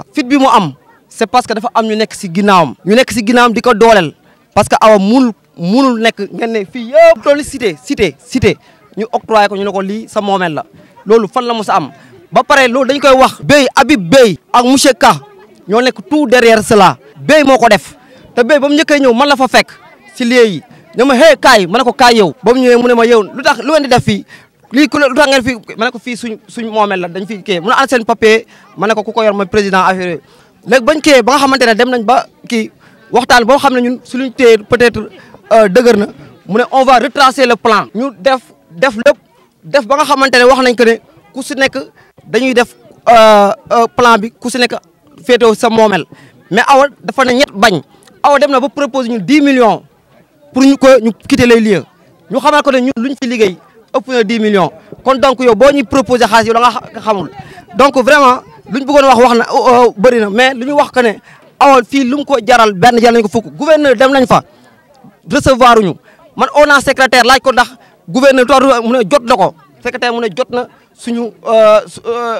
Fitbi fit bi mu am c'est parce que dafa am ñu nek ci ginnaawam ñu nek ci ginnaawam diko dolel parce que awa mul siete, nek ngeen ne fii yëpp li cité cité cité ñu octroyer ko ñu ne ko sa momel la lolu fan la musa am ba paré lolu dañ koy wax Bey Habib Bey ak monsieur Ka ño nek tout derrière cela Bey moko def te Bey bam ñëkke ñew man la fa fek ci lieu yi ne hé kay ko kay yow bam mu ne ma yow lu lu ngeen def fi lii ku la lu ngeen fi ma ne ko fii suñ suñ moomeel la dañ fi kii mun a ànd seen papier ma ko ku ko yor mooy président affaire léegi bañ kii ba nga xamante ne dem nañ ba kii waxtaan boo xam ne ñun suñu téye peut-être euh, dëgër na mu ne on va retracer le plan. ñu def def lépp def ba nga xamante ne wax nañ que ne ku si nekk dañuy def euh, euh, plan bi ku si nekk féetewoo sa moomeel mais awa dafa ne ñett bañ awa dem na ba proposer ñu 10 millions pour ñu ko ñu quitter les lieux ñu xamal ko ne ñun luñ fi liggéey. ëpp na 10 millions kon donc yo boo ñuy proposé xaalis yow nga xamul donc vraiment lu bëggone wax wax na oh, oh, bari na mais luñu wax que né awol oh, fi lu ko jaral ben jaral nañu ko fukk gouverneur dem nañ fa recevoir ñu man on a secrétaire laaj ko ndax gouverneur mu ne jot nako secrétaire mu ne jot na suñu euh, euh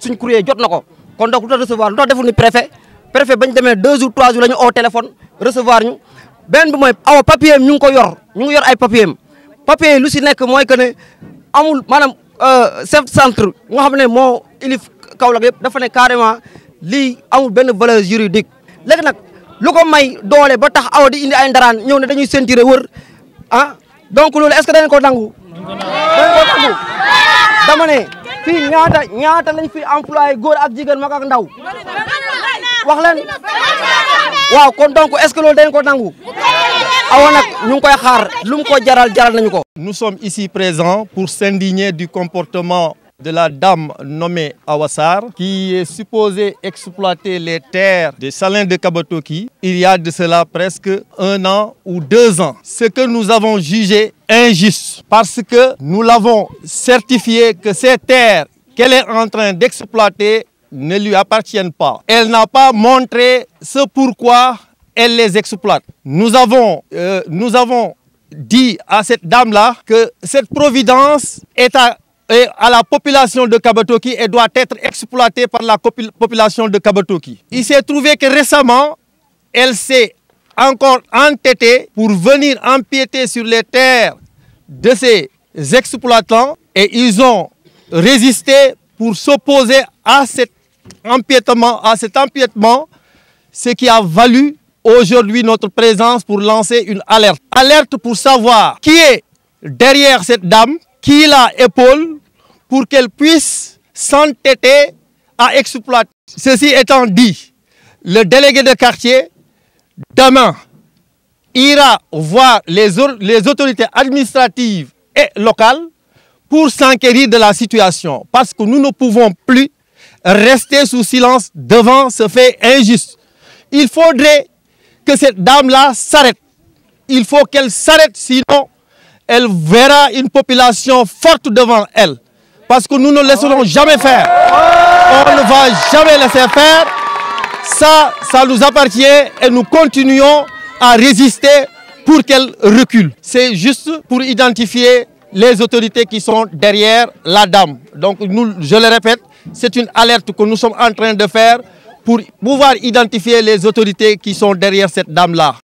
suñu courrier jot nako kon donc lu tax recevoir lu tax deful ni préfet préfet bañ demee 2 jours 3 jours lañu au téléphone recevoir ñu ben bi moy aw papier ñu ko yor ñu ngi yor ay papier papier lu si nekk mooy que ne amul maanaam euh, chef centre nga xam ne moo ilif Kaolack yëpp dafa ne carrément lii amul benn valeur juridique. léegi nag lu ko may doole ba tax aw di indi ay ndaraan ñëw ne dañuy sentir wër ah donc loolu est-ce que dañ ko nangu. dañ ko nangu dama ne fii ñaata ñaata lañ fi employé góor ak jigéen mag ak ndaw wax leen waaw kon donc est-ce que loolu dañ ko nangu. nous sommes ici présents pour s'indigner du comportement de la dame nommée Awassar qui est supposée exploiter les terres des salins de Kabotoki il y a de cela presque un an ou deux ans. Ce que nous avons jugé injuste parce que nous l'avons certifié que ces terres qu'elle est en train d'exploiter ne lui appartiennent pas. Elle n'a pas montré ce pourquoi elle les exploite. Nous avons, euh, nous avons dit à cette dame-là que cette providence est à, la population de Kabotoki et doit être exploitée par la population de Kabotoki. Il s'est trouvé que récemment, elle s'est encore entêtée pour venir empiéter sur les terres de ces exploitants et ils ont résisté pour s'opposer à cet empiètement, à cet empiètement, ce qui a valu aujourd'hui notre présence pour lancer une alerte. Alerte pour savoir qui est derrière cette dame, qui la épaule pour qu'elle puisse s'entêter à exploiter. Ceci étant dit, le délégué de quartier, demain, ira voir les, les autorités administratives et locales pour s'enquérir de la situation. Parce que nous ne pouvons plus rester sous silence devant ce fait injuste. Il faudrait que cette dame-là s'arrête. Il faut qu'elle s'arrête, sinon elle verra une population forte devant elle. Parce que nous ne laisserons jamais faire. On ne va jamais laisser faire. Ça, ça nous appartient et nous continuons à résister pour qu'elle recule. C'est juste pour identifier les autorités qui sont derrière la dame. Donc, je le répète, c'est une alerte que nous sommes en train de faire pour pouvoir identifier les autorités qui sont derrière cette dame-là.